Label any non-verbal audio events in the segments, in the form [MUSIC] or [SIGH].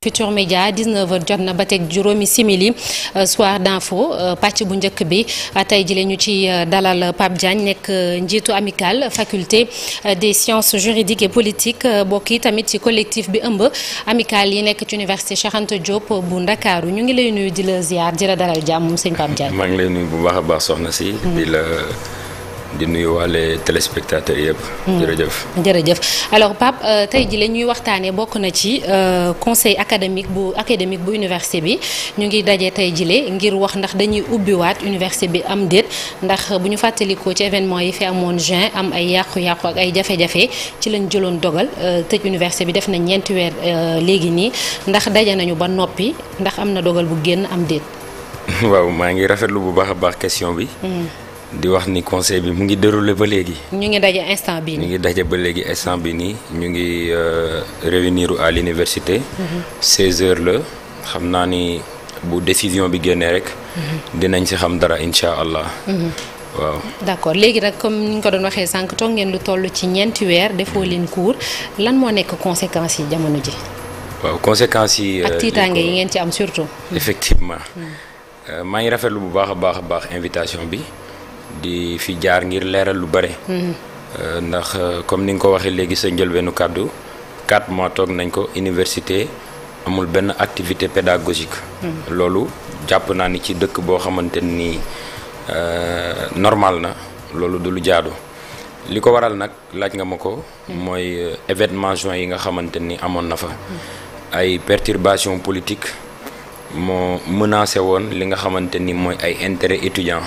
Futurs Médias 19h jot na ba teg juróomi simili euh, soir d'info euh, pàcc bu njëkk bi euh, tey jii la ñu ci dalal Pape Diagne nekk njiitu amicale faculté des sciences juridiques et politiques bokki tamit ci collectif bi ëmb amicale yi nekk ci université Cheikh Anta bu Ndakaaru ñu ngi lay nuyu di la ziar di la dalal jàmm sëñ Pape Diagne. maa ngi lay bu baax soxna si. di la. di nuyu waale téléspectateurs yëpp. Hmm. jërëjëf jërëjëf alors Pape euh, tey ji la ñuy waxtaanee bokk na ci euh, conseil académique bu académique bu université bi ñu ngi dajee tey jile ngir wax ndax dañuy ubbiwaat université bi am déet ndax bu ñu fàttalikoo ci événement yi fi amoon juin am ay yàqu-yàqu ak ay jafe-jafe ci lañ jëloon dogal euh, tëj université bi def na ñeenti weer léegi nii ndax daje nañu ba noppi ndax am na dogal bu génn am déet. [LAUGHS] waaw maa ngi rafetlu bu baax a baax question bi. Hmm. di wax ni conseil bi mu ngi déroulé ba léegi. ñu ngi daje instant bi ñu ngi daje ba léegi instant bi nii ñu ngi euh, réunir à l'université. 16 mhm. heures la xam naa ni bu décision bi génnee rek. Mhm. dinañ si xam dara incha allah. Mhm. waaw d'accord léegi nag comme ni ñu ko doon waxee sànq toog ngeen lu toll ci ñeenti weer defoo leen cours lan moo nekk conséquence yi jamono ji. waaw conséquences yi. Euh, ak tiitaange yi ngeen ci am surtout. effectivement euh, maa ngi rafetlu bu baax a baax a baax invitation bi. di fi jaar ngir leeral lu bare. Mhm. Euh, ndax euh, comme ni nga ko waxee léegi sa njëlbeenu kàddu quatre mois toog nañ ko université amul benn activité pédagogique. Mhm. loolu jàpp naa ni ci dëkk boo xamante ni euh, normal na loolu du lu jaadu. li ko waral nag laaj nga ma ko. Mhm. mooy événement juin yi nga xamante ni amoon na fa. ay perturbation politique moo menacé woon li nga xamante ni mooy ay intérêt étudiant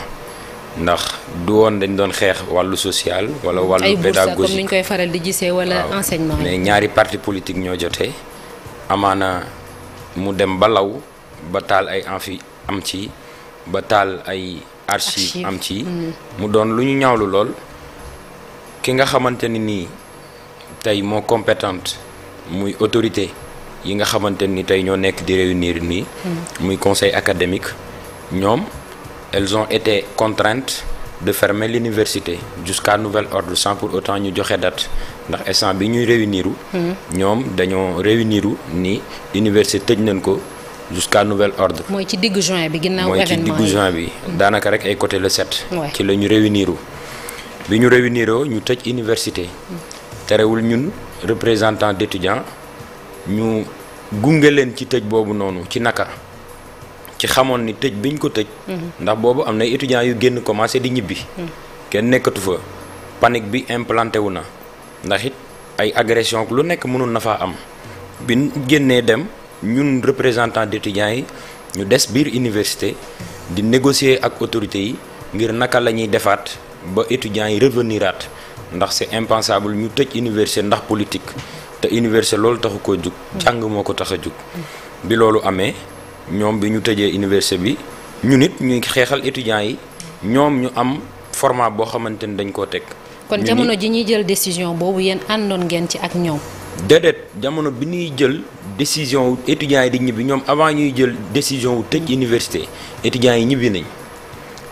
ndax du woon dañ doon xeex wàllu social wala wàllu pédagogique comme ni ñu koy faral di gisee wala enseignement mais ñaari parti politique ñoo jotee amaana mu dem ba law ba taal ay enfi am ci ba taal ay archive am ci mm. mu doon lu ñu ñawlu lool ki nga xamante ni nii tey moo compétente muy autorité yi nga xamante ni tey ñoo nekk di réunir nii mm. muy conseil académique ñoom elles ont été contraintes de fermer l'université jusqu'à nouvel ordre sans pour autant ñu joxe dat ndax instant bi ñuy réuniru mhm. ñoom dañoo réuniru ni université tëj nañ ko jusqu'à nouvel ordre. mooy ci diggu juin bi ginnaaw mooy ci bi daanaka rek ay côté le 7. ci la ñu réuniru bi ñu réuniroo ñu tëj université. Mhm. terewul ñun représentant d'étudiants ñu gunge leen ci tëj boobu noonu ci naka. ci xamoon ni tëj biñ ko tëj. Mhm. ndax boobu am na étudiants yu génn commencé di ñibbi. Mhm. kenn nekkatu fa panique bi implanté wu na ndax it ay agression lu nekk mënoon na faa am biñ génnee dem ñun représentant d' étudiants yi ñu des biir université di négocier ak autorités yi ngir naka la ñuy defaat ba étudiants yi reveniraat ndax c' est ñu tëj université ndax politique te université loolu taxu koo jug. Mhm. jàng moo ko tax a jug bi loolu amee. ñoom bi ñu tëjee université bi ñu it ñuy xeexal étudiants yi ñoom ñu am format boo xamante ni dañ koo teg. kon jamono ji ñuy jël décision boobu yéen àndoon ngeen ci ak ñoom. déedéet jamono bi ñuy jël décision étudiants yi di ñibbi ñoom avant ñuy jël décision wu tëj hmm. université étudiants yi ñibbi nañ.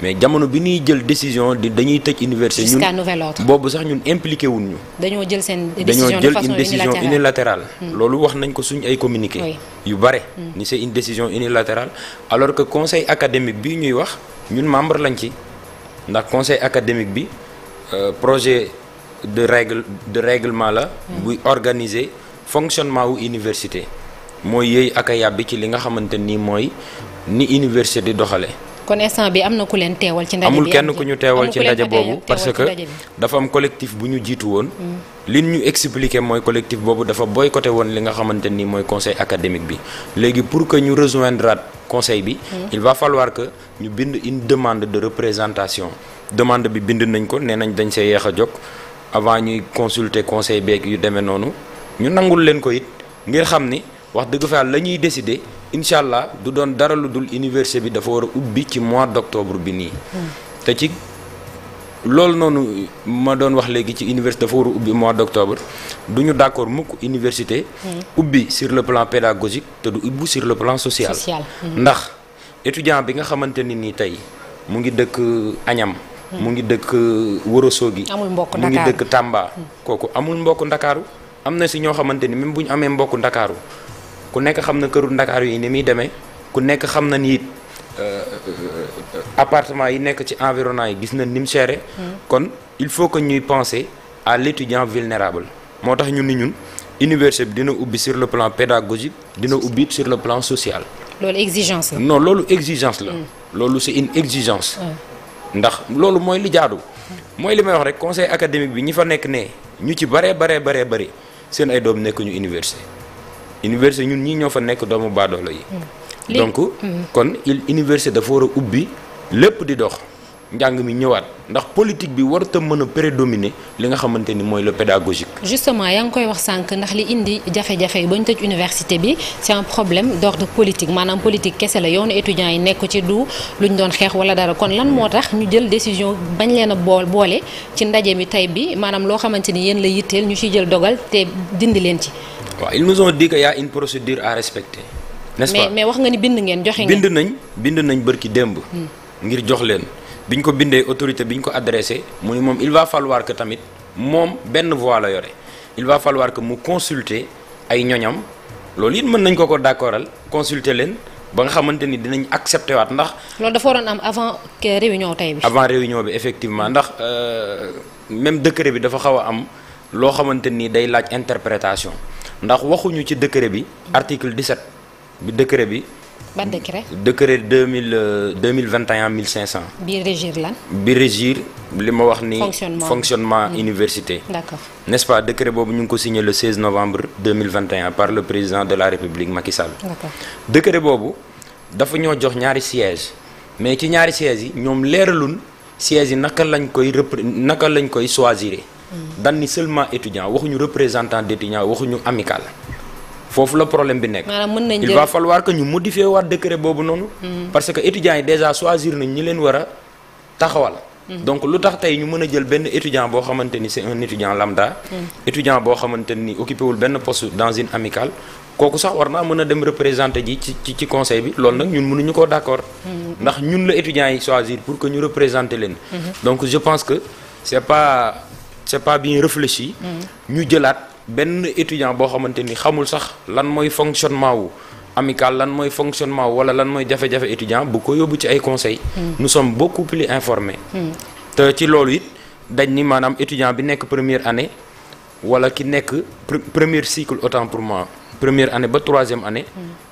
mais jamono bi ñuy jël décision di dañuy tëj université. jusqu'à nouvel boobu sax ñun impliqué wuñ ñu. dañoo jël seen décision dañoo jël une décision unilatérale. Hmm. loolu wax nañ ko suñ ay communiqué. yu bare. Hmm. ni c'est une décision unilatérale alors que conseil académique bi ñuy wax ñun membre lañ ci ndax conseil académique bi euh, projet de règle de règlement la. Hmm. buy organiser fonctionnement wu université. mooy yëy ak a yàbbi ci li nga xamante ni mooy ni université di doxale kon instant bi am na ku leen teewal ci ndaje bi amul kenn ku ñu teewal ci ndaje boobu parce que dafa am collectif bu ñu jiitu woon mm. li ñu expliquer mooy collectif boobu dafa boycotté woon li nga xamante ni mooy conseil académique bi léegi pour que ñu rejoindre conseil bi mm. il va falloir que ñu bind une demande de représentation demande bi bind nañ ko nee nañ dañ see yeex a jog avant ñuy consulter conseil beeg yu demee noonu ñu nangul leen ko it ngir xam ni wax dëgg fa la ñuy décider incha allah du doon dara lu dul université bi dafa war a ubbi ci mois d'octobre bi nii. te ci loolu noonu ma doon wax léegi ci université dafa war a ubbi mois d'octobre du ñu d'accord mukk université. Hmm. ubbi sur le plan pédagogique te du ubbi sur le plan social. Hmm. ndax étudiant bi nga xamante ni nii tey mu ngi dëkk añam hmm. mu ngi dëkk euh, Ourossogui. amul mbokk Ndakaaru mu ngi dëkk Tamba. kooku amul mbokk Ndakaaru am na si ñoo xamante ni même bu ñu amee mbokk Ndakaaru. ku nekk xam na këru Ndakaaru yi ni muy demee ku nekk xam na ni it euh, euh, appartement yi nekk ci environnement yi gis na ni mu chéré. kon il faut que ñuy penser à l'étudiant vulnérable moo tax ñun ni ñun université bi dina ubbi sur le plan pédagogique dina ubbi sur le plan social. loolu exigence la. non loolu exigence la. Mm. loolu c'est une exigence. ndax loolu mooy li jaadu. mooy li may wax rek conseil académique bi ñi fa nekk ne ñu ci baree baree baree bëri seen ay doom nekkuñu université. université ñun ñii ñoo fa nekk doomu baadoolo yi. Mm. donc mm. kon il université dafa war a ubbi lépp di dox njàng mi ñëwaat ndax politique bi war tam mën a prédominer li nga xamante ni mooy le pédagogique. justement yaa ngi koy wax sànq ndax li indi jafe-jafe yi ba ñu tëj université bi c'est problème problème d'ordre politique maanaam politique kese la yoonu étudiants yi nekk ci du lu ñu doon xeex wala dara kon lan moo tax ñu jël décision bañ leen bool boole ci ndaje mi tey bi maanaam loo xamante ni yéen la yitteel ñu ciy jël dogal te dindi leen ci. waaw ils nous ont dit que y a une procédure à respecter. n'est-ce pas mais wax nga ni bind ngeen joxe ngeen. bind nañ bind nañ bërki démb. Hmm. ngir jox leen bi ñu ko bindee autorité bi ñu ko adressé mu ne moom il va falloir moom benn voix la yore il va falloir mu consulter ay ñoñam loolu it mën nañ ko ko d'accordal consulter leen. ba nga xamante ni dinañ accepté waat ndax. loolu dafa waroon am avant réunion tey bi. avant réunion bi effectivement ndax euh, même décret bi dafa xaw a am loo xamante nii day laaj interprétation. ndax waxuñu ci décret bi article 17 bi décret bi. ban décret. deux mille euh, deux mille vingt et un mille cent. bi régir bi régir li ma wax ni. fonctionnement fonctionnement hmm. université. d'accord pas décret boobu ñu ngi ko signé le 16 novembre deux mille vingt et un par le président de la république Macky Sall. d'accord boobu dafa ñoo jox ñaari sièges mais ci ñaari sièges yi ñoom leeralul sièges yi naka lañ koy repre naka lañ koy choisir. dan ni seulement étudiant waxuñu représentant d' waxuñu amical foofu la problème bi nekk. maanaam mën nañ il va falloir que ñu modifier waat décret boobu noonu. Mm. parce que étudiants yi déjà choisir nañ ñi leen war a taxawal. Mm. donc lu tax tey ñu mën a jël benn étudiant boo xamante ni c'est un étudiant lambda. Mm. étudiant boo xamante ni benn poste dans une amicale kooku sax war naa mën a dem représenté ji ci ci conseil bi loolu nag ñun mënuñu koo d'accord. ndax ñun la c'est pas bien réfléchi. ñu jëlaat benn étudiant boo xamante ni xamul sax lan mooy fonctionnement wu. amical lan mooy fonctionnement wala lan mooy jafe-jafe étudiant bu ko yóbbu ci ay conseils. nous sommes beaucoup plus informés. te ci loolu it dañ ni maanaam étudiant bi nekk première année wala ki nekk premier cycle autant pour moi première année ba troisième année.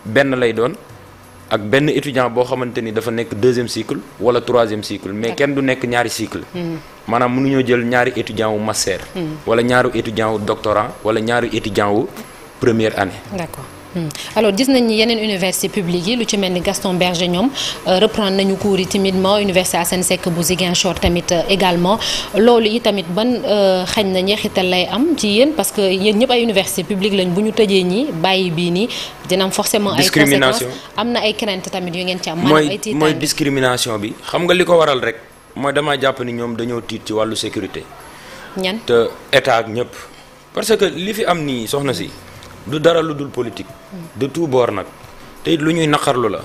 benn lay doon. ak benn étudiant boo xamante ni dafa nekk deuxième cycle wala troisième cycle mais kenn du nekk ñaari cycle hmm. maanaam mënuñoo jël ñaari étudiant wu master hmm. wala ñaari étudiant wu doctorant wala ñaari étudiant wu première année Hmm. alors gis nañ yeneen université publique yi lu ci mel ni Gaston Berger ñoom euh, reprendre nañu cours yi timidement université Assane Seck bu Ziguinchor tamit euh, également loolu yi tamit ban euh, xañ na ñeexital lay am ci yéen parce que yéen ñëpp ay université publique lañ bu ñu tëjee ñi bàyyi bii nii dinam am forcément ay conséquences am na ay crainte tamit yu ngeen ci am mooy mooy discrimination bi xam nga li ko waral rek mooy damaa jàpp ni ñoom dañoo tiit ci wàllu sécurité ñan te état ak ñëpp parce que li fi am nii soxna si lu dara lu dul politique. de tout bord nag te it lu ñuy naqarlu la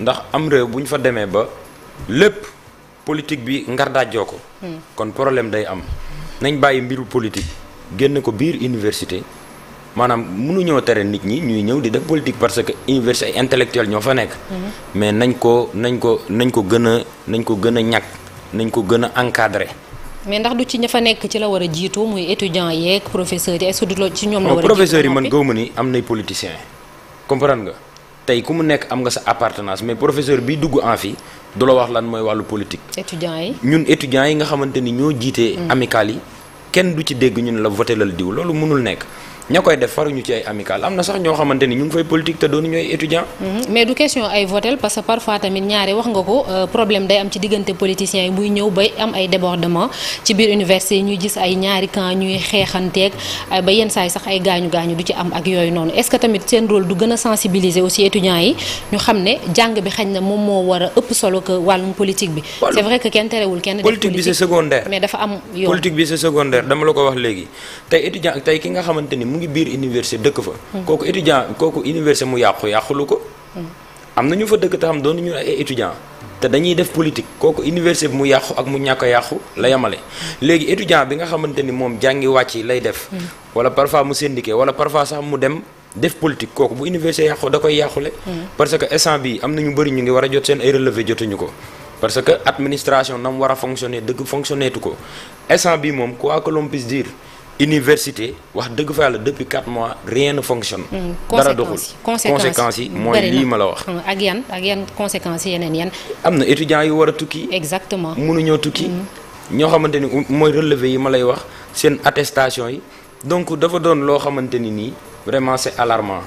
ndax am réew bu ñu fa demee ba lépp politique bi ngar dàjjoo ko. kon problème day am nañ bàyyi mbiru politique génne ko biir université. maanaam mënuñoo tere nit ñi ñuy ñëw di def politique parce que université ay intellectuel ñoo fa nekk. Mm-hmm. mais nañ ko nañ ko nañ ko gën a nañ ko gën a ñàkk nañ ko gën a encadré. mais ndax du ci ña fa nekk ci la war a jiitu muy étudiant yeeg professeurs yi est-ce du ci ñoom la war a professeurs yi man gëwma ni am nay politiciens comprendre nga tey ku mu nekk am nga sa appartenance mais professeur bi dugg en fii du la wax lan mooy wàllu politique étudiants yi ñun étudiants yi nga xamante ni ñoo jiitee mm. amicale yi kenn du ci dégg ñun la voté diw loolu mënul nekk ña koy def faruñu ci ay am na sax ñoo xamante ñu ngi fay politique te doonu ñooy étudiant mhm. mais du question ay votel parce que parfois ko euh, am ci euh, sax ay gaañu gaañu du ci am ak yooyu noonu est-ce que tamit seen a sensibiliser aussi moo war a ëpp solo que wàllum politique bi c'est vrai que kenn terewul kenn politique bi c'est secondaire ngi biir université dëkk fa. kooku étudiant kooku université mu yàqu yàqulu ko. am na ñu fa dëkk te xam doon ñu ay étudiant te dañuy def politique kooku université bi mu yàqu ak mu ñàkk a yàqu la yemale léegi étudiant bi nga xamante ni moom jàngi wàcc lay def. wala parfois mu syndiqué wala parfois sax mu dem def politique kooku bu université yàqu da koy yàqule. parce que instant bi am na ñu bëri ñu ngi war a jot seen ay jotuñu ko. parce que administration a fonctionner université wax dëgg fa yàlla depuis mois rien ne fonctionne. Hmm, yi mooy lii ma la wax. Hmm, ak yan ak yan conséquences yeneen yan. am na étudiants yu war a tukki. exactement mënuñoo tukki. Hmm. ñoo xamante ni mooy relevé yi ma lay wax seen attestation yi donc dafa doon loo xamante ni nii vraiment c'est alarmant.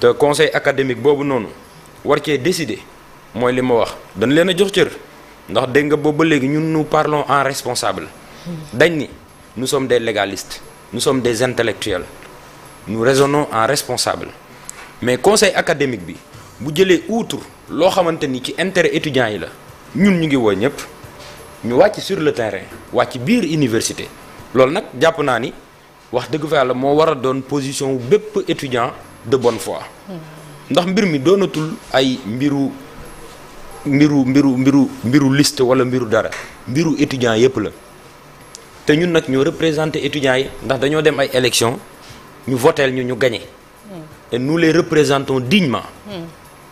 te conseil académique boobu noonu war cee décider mooy li ma wax dañ leen a jox cër ndax dégg nga léegi ñun nous parlons en responsable dañ ni nous sommes des légalistes. nous sommes des intellectuels nous résonon en responsable mais conseil académique bi bu jëlee outre loo xamante ni ci intérêt étudiants yi la ñun ñu ngi woo ñëpp ñu wàcc sur le terrain wàcc biir université loolu nag jàpp naa ni wax dëgg fa yàlla moo war doon position bépp étudiant de bon foi ndax mbir mi doonatul ay mbiru mbiru mbiru mbiru mbiru liste wala mbiru dara mbiru étudiant yëpp la te ñun nag ñu représenté étudiants yi ndax dañoo dem ay élections ñu voteel ñu ñu gagné. Hmm. et nous les représentons dignement. Hmm.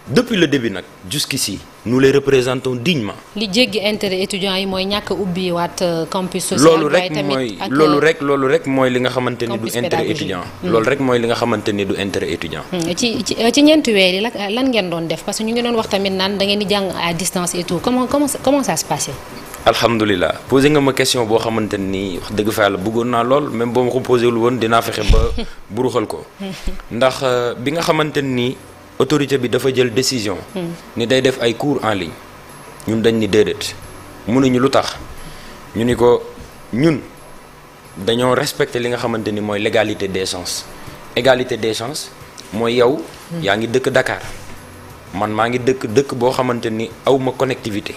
depuis le début nag jusqu'ici nous les représentons dignement. li jéggi intérêt étudiants yi mooy ñàkk a ubbi waat euh, campus social. waaye tamit ak euh, loolu rek mooy hmm. loolu rek mooy li nga xamante ni du. intérêt étudiant loolu rek mooy li nga xamante ni du intérêt étudiant. ci ci ci ñeenti weer yi lan ngeen doon def parce que ñu ngi doon wax tamit naan da ngeen alhamdulilah posé nga ma question boo xamante ni wax dëgg fa yàlla bëggoon naa lool même boo ma ko posé woon dinaa fexe ba [LAUGHS] buruxal ko. [LAUGHS] ndax euh, bi nga xamante ni autorité bi dafa jël décision. Hmm. ni day def ay cours en ligne ñun dañ ni déedéet mënuñu lu tax ñu ni ko ñun dañoo respecter li nga xamante ni mooy l'égalité des chances égalité des chances mooy yow. Hmm. yaa ngi dëkk Dakar man maa ngi dëkk dëkk boo xamante ni awma connectivité.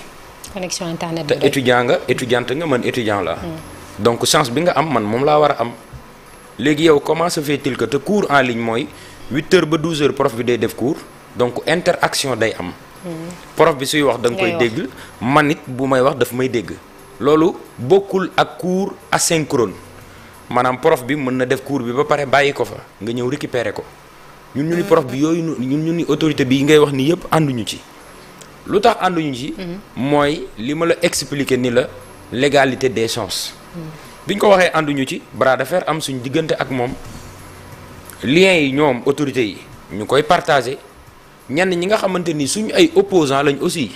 connexion internet bi te nga étudiante nga man étudiant la hmm. donc chance bi nga am man moom laa war a am. léegi yow comment se fait-il que te cours en ligne mooy huit heures ba douze heures prof bi day def cours donc interaction day am. Hmm. prof bi suy wax da nga koy dégg. man it bu may wax daf may dégg. loolu bokkul ak cours asynchrone maanaam prof bi mën na def cours bi ba pare bàyyi ko fa nga ñëw récupérer ko. ñun ñu ni hmm. prof bi yooyu ñun ñu ni autorité bi yi ngay wax nii yëpp ànduñu ci. lu tax ànduñu ci. mooy li ma la expliquer ni la légalité des chances. biñ ko waxee ànduñu ci bras de fer am suñu diggante ak moom liens yi ñoom autorités yi ñu koy partagé ñenn ñi nga xamante ni suñu ay opposants lañ aussi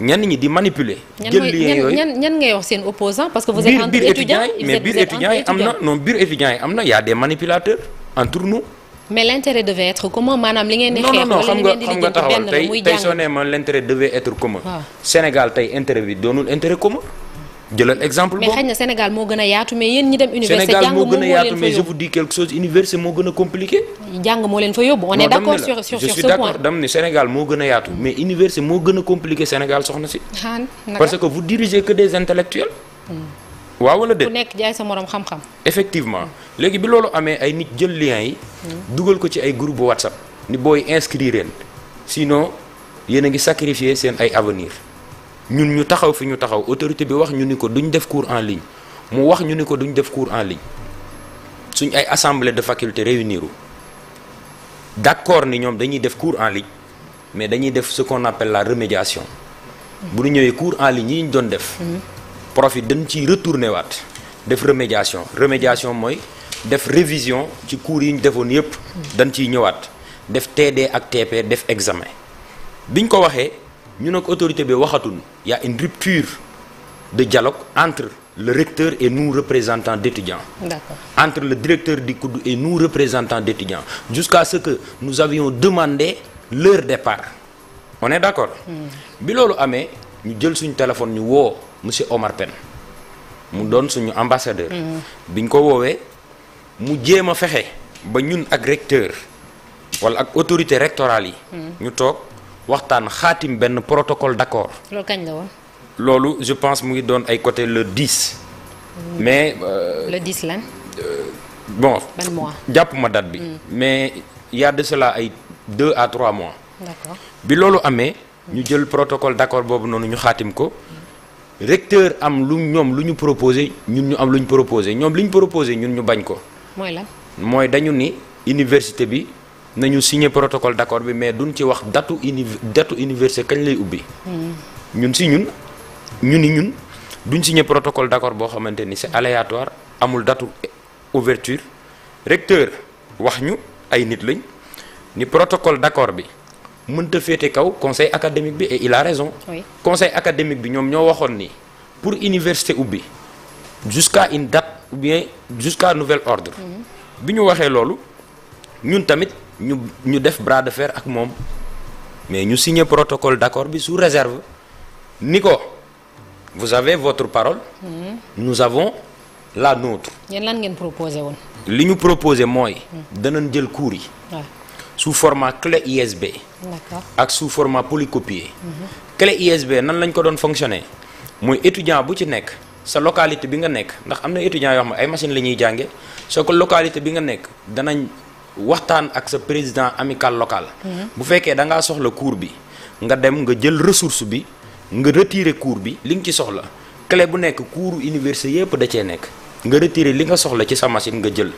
ñenn ñi di manipuler. jël liens yooyu ñan ñan ngay wax seen opposant parce que vous êtes entre étudiants mais biir étudiants yi am na non biir étudiants yi am na y a des manipulateurs entre nous. mais l'intérêt devait être commun maanaam li ngeen di xeex wala li ngeen di xam nga taxawal tey tey soo nee ma l'intérêt devait être Sénégal tey intérêt bi doonul intérêt commun jëlal exemple boobu mais xëy na Sénégal moo gën a yaatu mais yéen ñi dem université jàng moo gën a yaatu mais université moo gën a compliqué moo leen fa Sénégal moo gën yaatu mais université moo gën a compliqué Sénégal soxna si ah, parce que vous dirigez que des intellectuels hmm. waaw wala déet ku nekk jaay sa morom xam-xam. effectivement léegi bi loolu amee ay nit jël liens yi. Hmm. dugal ko ci ay groupe WhatsApp. ni booy inscrire sinon yéen a ngi sacrifier seen ay avenir ñun ñu taxaw fi ñu taxaw autorité bi wax ñu ni ko duñ def cours en ligne mu wax ñu ni ko duñ def cours en ligne suñ ay assemblée de faculté réunir d'accord ni ñoom dañuy def cours en ligne mais dañuy def ce qu'on appelle la remédiation. Hmm. bu ñu ñëwee cours en ligne yi ñu doon def. Hmm. profit dañ ciy retourné waat def remédiation remédiation mooy def révision ci cours yi ñu defoon yëpp dañ ciy ñëwaat def TD ak TP def examen biñ ko waxee ñu nag autorité bi waxatul y in une rupture de dialogue entre le recteur et nous représentants d'étudiants. D'accord. Entre le directeur di COUD et nous représentants d'étudiants jusqu'à ce que nous avions demandé leur départ on est d'accord. Hmm. bi loolu amee ñu jël suñu téléphone ñu woo monsieur Omar Pène mu doon suñu ambassadeur. biñ ko woowee mu jéem a fexe ba ñun ak recteur wala ak autorité rectorale yi. ñu toog waxtaan xaatim benn protocole d'accord. loolu loolu je pense mu ngi doon ay côté le 10. Hmm. mais. Euh, le 10 lan. Euh, bon ban jàpp ma date bi. Hmm. mais il y a de ay deux à trois mois. bi loolu amee. ñu jël protocole d'accord boobu noonu ñu xaatim ko. recteur am lu ñoom lu ñu proposé ñun ñu am lu ñu proposé ñoom li ñu proposé ñun ñu bañ ko. mooy mooy dañu ni université bi nañu signé protocole d'accord bi mais duñ ci wax datu uni datu université kañ lay ubbi. Hmm. ñun si ñun ñu ni ñun duñ signé protocole d'accord boo xamante ni si aléatoire amul datu ouverture recteur wax ñu ay nit lañ ni protocole d'accord bi. mënta féete kaw conseil académique bi et il a raison. Oui. conseil académique bi ñoom ñoo waxoon ni pour université ubbi jusqu'à une date ou bien jusqu'à nouvel ordre. Mhm. bi ñu waxee loolu ñun tamit ñu ñu def bras de fer ak moom mais ñu signé protocole d'accord bi sous réserve ni ko vous avez votre parole. Mmh. nous avons la nôtre. yéen lan ngeen proposé li ñu proposé mooy. Mhm. danañ jël cours yi. sous format clé USB. ak sous format polycopié. clé USB nan lañ ko doon fonctionner mooy étudiant bu ci nekk sa localité bi nga nekk ndax am na étudiants yoo xam ne ay machine la ñuy jànge soo ko localité bi nga nekk danañ waxtaan ak sa président amical local. Mhm. bu fekkee dangaa soxla cours bi nga dem nga jël ressource bi nga retirer cours bi li nga ci soxla clé bu nekk cours université yëpp da cee nekk nga retirer li nga soxla ci sa machine nga jël.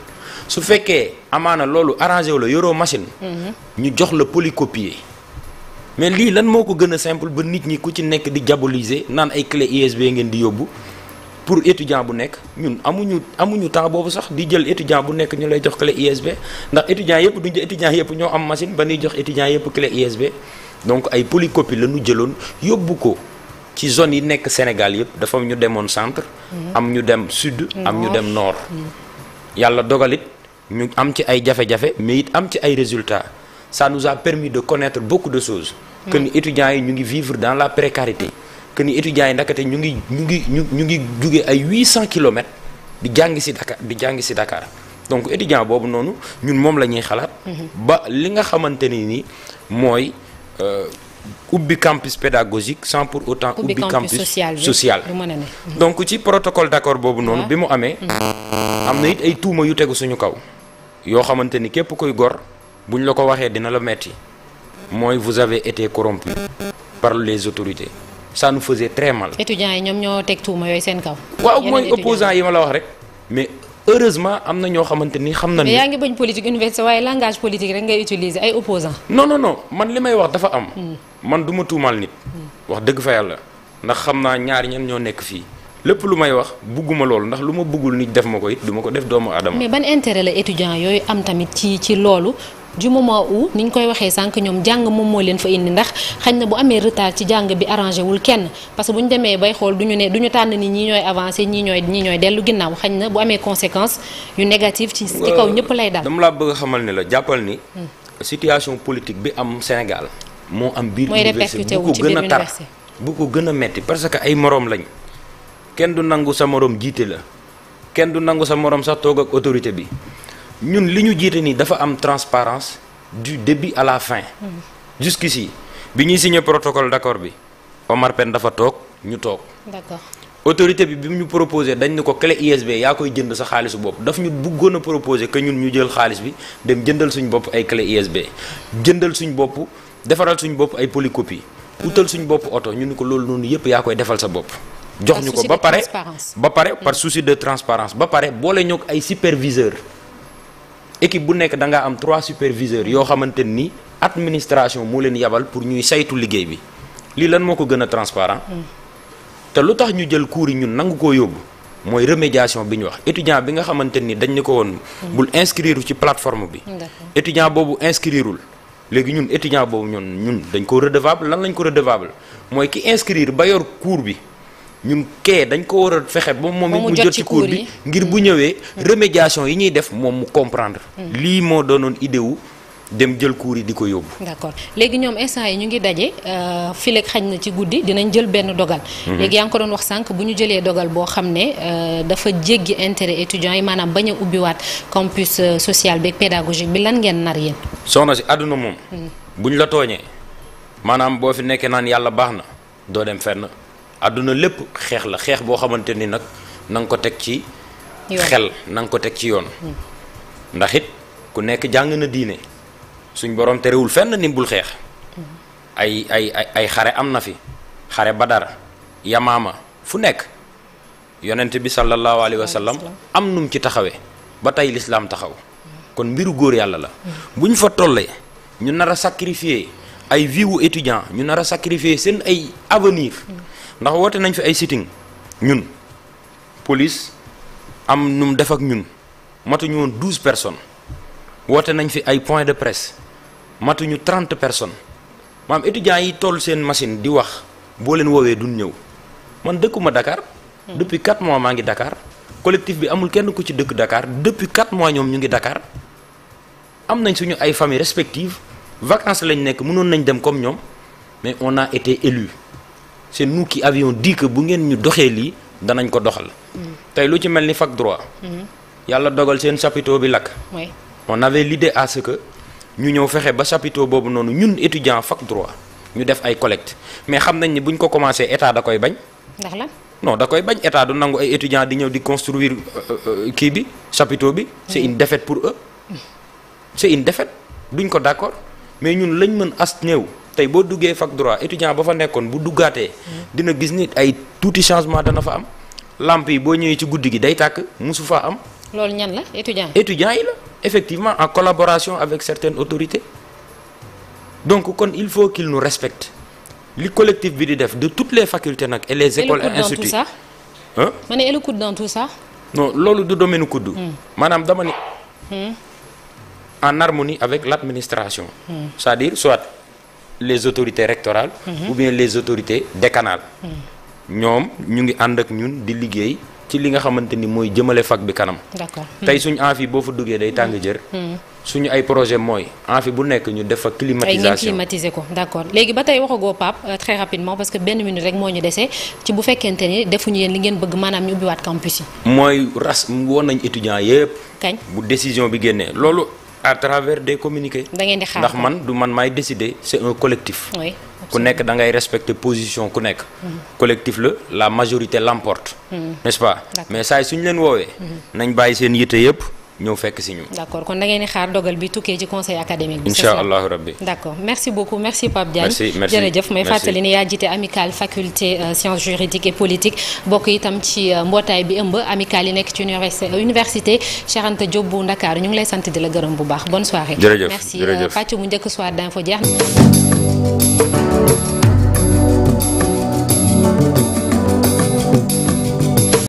su fekkee amaana loolu arrangé wu la yoro machine. Mhm. ñu jox la polycopier. mais lii lan moo ko gën a simple ba nit ñi ku ci nekk di diaboliser naan ay clé USB ngeen di yóbbu pour étudiant bu nekk ñun amuñu amuñu temps boobu sax di jël étudiant bu nekk ñu lay jox clé USB ndax étudiant yëpp duñ étudiant yëpp ñoo am machine ba ñuy jox étudiant yëpp clé USB donc ay polycopie la ñu jëloon yóbbu ko. ci zone yi nekk Sénégal yëpp dafa ñu demoon centre. Mhm. am ñu dem sud. Mhm. dogalit ñu am ci ay jafe-jafe mais it am ci ay résultat ça nous a permis de connaitre beaucoup de choses. que mm. ni étudiants yi ñu ngi vivre dans la précarité. que ni étudiants yi ndakate ñu ngi ñu ngi ñu ñu ngi jugee ay 800 kilomètres di jàng si Dakar di jàng si Dakar donc étudiant boobu noonu ñun moom la ñuy xalaat. Mm-hmm. ba li nga xamante ni nii mooy. Euh, ubbi campus pédagogique sans pour autant ubbi campus social social donc ci protocole d'accord boobu noonu ah. bi mu amee mm-hmm. am na it ay tuuma yu tegu suñu kaw yoo xamante ni képp kuy gor ñu la ko waxee dina la metti mooy vous avez été corrompu par les autorités ça nous faisait très mal. étudiants yi ñoom ñoo teg tuuma yooyu seen kaw. waaw mooy opposants yi ma la wax rek mais. heureusement am na ñoo xamante ni xam na ni yaa ngi bañ politique université waaye langage politique rek ngay utiliser ay opposants non non non man li may wax dafa am. Hmm. man du ma tuumaal nit. Hmm. wax dëgg fa yàlla ndax xam naa ñaari ñan ñoo nekk fii. lépp lu may wax bugguma loolu ndax lu ma buggul nit def ma ko it duma ko def doomu aadama. mais ban intérêt la étudiant yooyu am tamit ci ci loolu. du moment où ni ñu koy waxee sànq ñoom jàng moom moo leen fa indi ndax xañ na bu amee retard ci jàng bi arrangé wul kenn parce que bu ñu demee bay xool du ñu ne du ñu tànn ni ñii ñooy avancé ñii ñooy ñii ñooy dellu ginnaaw xañ na bu amee conséquence yu négative ci ci kaw euh, ñëpp lay dal. dama laa bëgg a xamal ne la jàppal ni. Hmm. situation politique bi am Sénégal. moo am biir université bu ko gën a tar bu ko gën a metti parce que ay moroom lañ. kenn du nangu sa morom jiite la kenn du nangu sa moroom sax toog ak autorité bi ñun li ñu jiite nii dafa am transparence du début à la fin. Hmm. si bi ñuy signé protocole d'accord bi Omar Pène dafa toog ñu toog. d'accord autorité bi bi mu ñu proposé dañ ne ko clé yaa koy jënd sa xaalisu bopp daf ñu bëggoon a proposé que ñun ñu jël xaalis bi dem jëndal suñ bopp ay clé USB jëndal suñ bopp defaral suñ bopp ay polycopie utal suñ bopp oto ñu ni ko loolu noonu yëpp yaa koy defal sa bopp. jox ñu ko ba pare ba pare par mm. souci de transparence ba pare boole ñoo ay superviseur équipe bu nekk da ngaa am trois superviseurs yoo xamante ni administration mu leen yabal pour ñuy saytu liggéey bi lii lan moo ko gën a transparent mm. te lu tax ñu jël cours yi ñun nangu ko yóbbu mooy remédiation bi ñu wax étudiant bi nga xamante ni dañ ne ko woon mm. bul inscrire ci plateforme bi étudiant boobu inscrirul léegi ñun étudiant boobu ñun ñun dañ ko redevable lan lañ ko redevable mooy ki inscrire ba yor bi ñun kee dañ ko war a fexe ba moom it mu jot ci cours bi ngir bu mm. ñëwee mm. remédiation yi ñuy def moom mu comprendre mm. lii moo doonoon idée dem jël cours yi di ko yóbbu. d'accord léegi ñoom instant yi ñu ngi daje euh, fileeg xañ na ci guddi dinañ jël benn dogal. Mm-hmm. léegi yaa ngi ko doon wax sànq bu ñu jëlee dogal boo xam ne euh, dafa jéggi intérêt étudiants yi maanaam bañ a ubbiwaat campus euh, social bi pédagogique bi lan ngeen nar yéen. soxna si àdduna moom. buñ la tooñee maanaam boo fi nekkee naan yàlla baax na doo dem fenn. àdduna lépp xeex la xeex boo xamante ni nag nanga nga ko teg ci xel nanga ko teg ci yoon hmm. ndax it ku nekk jàng na diine suñ borom terewul fenn bul xeex hmm. ay ay ay xare am na fi xare ba dara yamaama fu nekk yonent bi sallallahu alayhi wa sallam am num ci taxawee ba tey lislaam taxaw hmm. kon mbiru góor yàlla la bu ñu fa tollee ñu nar sacrifier ay vie étudiant ñu nar a sacrifier seen ay avenir ndax woote nañ fi ay sitting ñun police am nu mu def ak ñun matuñu woon douze personnes woote nañ fi ay point de presse matuñu trente personnes maam étudiants yi toll seen machine di wax boo leen woowee duñ ñëw man dëkkuma dakaar depuis quatre mois maa ngi dakaar collectif bi amul kenn ku ci dëkk dakaar depuis 4 mois ñoom ñu ngi dakaar am nañ suñu ay famille respective vacances lañ nekk mënoon nañ dem comme ñoom mais on a été élu c'est nous qui avions dit bu ngeen ñu doxee lii danañ ko doxal. Mm. tey lu ci mel ni fac droit. Mm. yàlla dogal seen chapiteau bi lakk. on avait l'idée à ce que ñu ñëw fexe ba sapito boobu noonu ñun étudiant fac droit ñu def ay collecte mais xam nañ ni buñ ko commencé état da koy bañ. ndax la non da koy bañ état du nangu ay étudiants di ñëw di construire euh, euh, euh, kii bi chapiteau bi. c'est mm. une défaite pour eux. c'est une défaite duñ ko d'accord mais ñun lañ mën as néew. tey boo duggee fac droit étudiant ba fa nekkoon bu duggaatee. dina gis ni ay tuuti changement dana fa am lamp yi boo ñëwee ci guddi gi day tàkk musu faa am. loolu ñan la étudiant étudiant yi la effectivement en collaboration avec certaines autorités donc kon il faut qu'ils nous respectent li collective bi di def de toutes les facultés nag et les écoles et instituts ah ma ne loolu du domaine kuddu hmm. maanaam dama ne hmm. en harmonie avec l'administration hmm. soit les autorités rectorales. Mhm. ou bien les autorités décanales. Mhm. ñoom ñu ngi ànd ak ñun di liggéey ci li nga xamante ni mooy jëmale fac bi kanam. d'accord tey mhm. suñu amphi boo fa duggee day tàng jër. suñu ay projet mooy amphi bu nekk ñu def fa climatisation ay climatiser ko d'accord léegi ba tey waxagoo Pape euh, très rapidement parce que benn minute rek moo ñu dese ci bu fekkente ni defuñu yéen li ngeen bëgg maanaam ñu ubbiwaat campus yi. mooy ras woon nañ étudiants yépp. kañ bu décision bi génnee loolu. à de des communiqués. da ngeen ndax man du man maay décider c'est un collectif. ku nekk da ngay respecter position ku nekk. Mhm. collectif la la majorité l'emporte. Mhm. n'est-ce pas mais saa yi suñu leen woowee. Mhm. nañ bàyyi seen yitte yëpp. ñëw fekk si ñu. d' accord kon da ngeen di xaar dogal bi tukkee ci conseil académique bi. incha allahu merci beaucoup merci Pape Diagne. merci merci jërëjëf may fàttali ni yaa jiite amicale faculté euh, sciences juridiques et politique bokk itam ci euh, mbootaay bi ëmb amicale yi nekk ci euh, université Cheikh Anta Diop bu Ndakaaru ñu ngi lay sant di la gërëm bu baax bonne soirée. jërëjëf merci pàcc mu njëkk soir d'info jeex na.